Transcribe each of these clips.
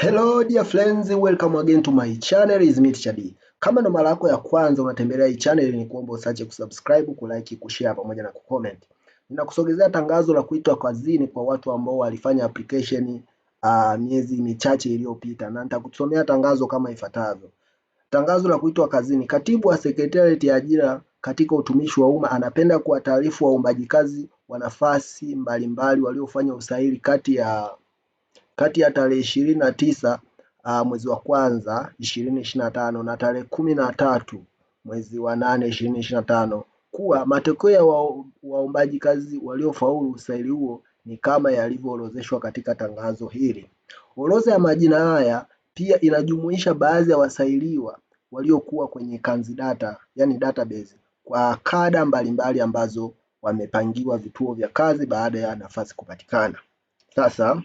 Hello dear friends, welcome again to my channel is me Chadi. Kama ndo mara yako ya kwanza unatembelea hii channel, ni kuomba usache kusubscribe, kulike, kushare pamoja na kucomment. Ninakusogezea tangazo la kuitwa kazini kwa watu ambao walifanya application uh, miezi michache iliyopita, na nitakusomea tangazo kama ifuatavyo. Tangazo la kuitwa kazini. Katibu wa Sekretarieti ya Ajira katika Utumishi wa Umma anapenda kuwataarifu waombaji kazi wa nafasi mbalimbali waliofanya usaili kati ya kati ya tarehe ishirini na tisa uh, mwezi wa kwanza ishirini ishirini na tano na tarehe kumi na tatu mwezi wa nane ishirini ishirini na tano kuwa matokeo ya waombaji kazi waliofaulu usaili huo ni kama yalivyoorodheshwa katika tangazo hili. Orodha ya majina haya pia inajumuisha baadhi ya wasailiwa waliokuwa kwenye data, yani database kwa kada mbalimbali ambazo wamepangiwa vituo vya kazi baada ya nafasi kupatikana. Sasa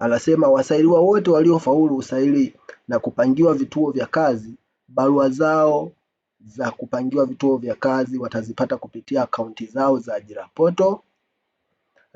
Anasema wasailiwa wote waliofaulu usaili na kupangiwa vituo vya kazi, barua zao za kupangiwa vituo vya kazi watazipata kupitia akaunti zao za ajira poto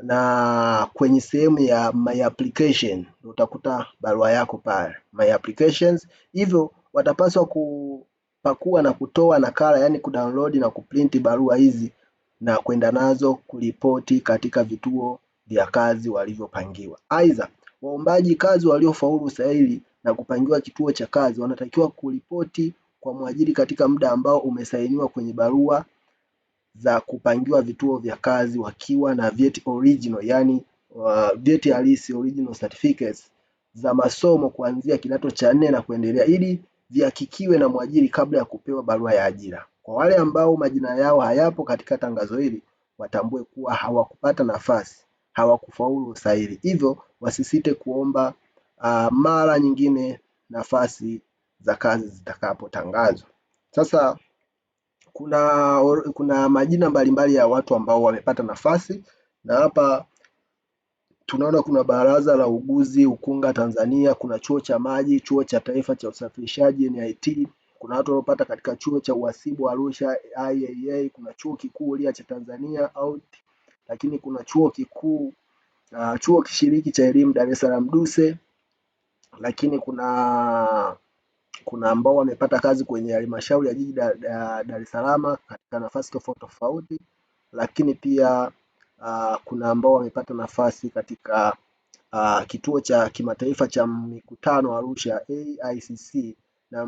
na kwenye sehemu ya my application utakuta barua yako pale my applications. Hivyo watapaswa kupakua na kutoa nakala, yani kudownload na kuprinti barua hizi na kwenda nazo kuripoti katika vituo vya kazi walivyopangiwa. Aidha, Waombaji kazi waliofaulu usaili na kupangiwa kituo cha kazi wanatakiwa kuripoti kwa mwajiri katika muda ambao umesainiwa kwenye barua za kupangiwa vituo vya kazi wakiwa na vyeti original, yani uh, vyeti halisi original certificates za masomo kuanzia kidato cha nne na kuendelea ili vihakikiwe na mwajiri kabla ya kupewa barua ya ajira. Kwa wale ambao majina yao hayapo katika tangazo hili watambue kuwa hawakupata nafasi hawakufaulu usaili, hivyo wasisite kuomba uh, mara nyingine nafasi za kazi zitakapotangazwa. Sasa kuna, kuna majina mbalimbali ya watu ambao wamepata nafasi na hapa tunaona kuna Baraza la uguzi Ukunga Tanzania, kuna Chuo cha Maji, Chuo cha Taifa cha Usafirishaji NIT, kuna watu waliopata katika Chuo cha Uhasibu Arusha IAA, kuna Chuo Kikuu Huria cha Tanzania au lakini kuna chuo kikuu uh, chuo kishiriki cha elimu Dar es Salaam DUSE, lakini kuna kuna ambao wamepata kazi kwenye halmashauri ya jiji Dar da, da es Salaam katika nafasi tofauti tofauti, lakini pia uh, kuna ambao wamepata nafasi katika uh, kituo cha kimataifa cha mikutano Arusha AICC na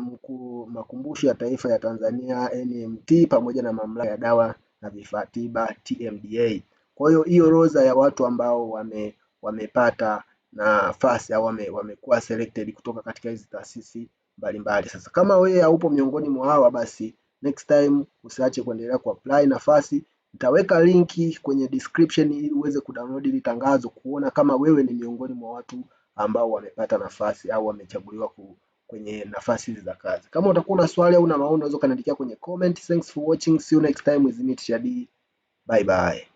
makumbusho ya taifa ya Tanzania NMT pamoja na mamlaka ya dawa na vifaa tiba TMDA. Kwa hiyo hiyo orodha ya watu ambao wame, wamepata nafasi au wame, wamekuwa selected kutoka katika hizi taasisi mbalimbali. Sasa kama wewe haupo miongoni mwa hawa, basi next time usiache kuendelea ku apply nafasi. Nitaweka linki kwenye description ili uweze kudownload hili tangazo kuona kama wewe ni miongoni mwa watu ambao wamepata nafasi au wamechaguliwa ku, kwenye nafasi hizi za kazi. Kama utakuwa na swali au una maoni unaweza kaniandikia kwenye comment. Thanks for watching. See you next time with me Shadi. Bye bye.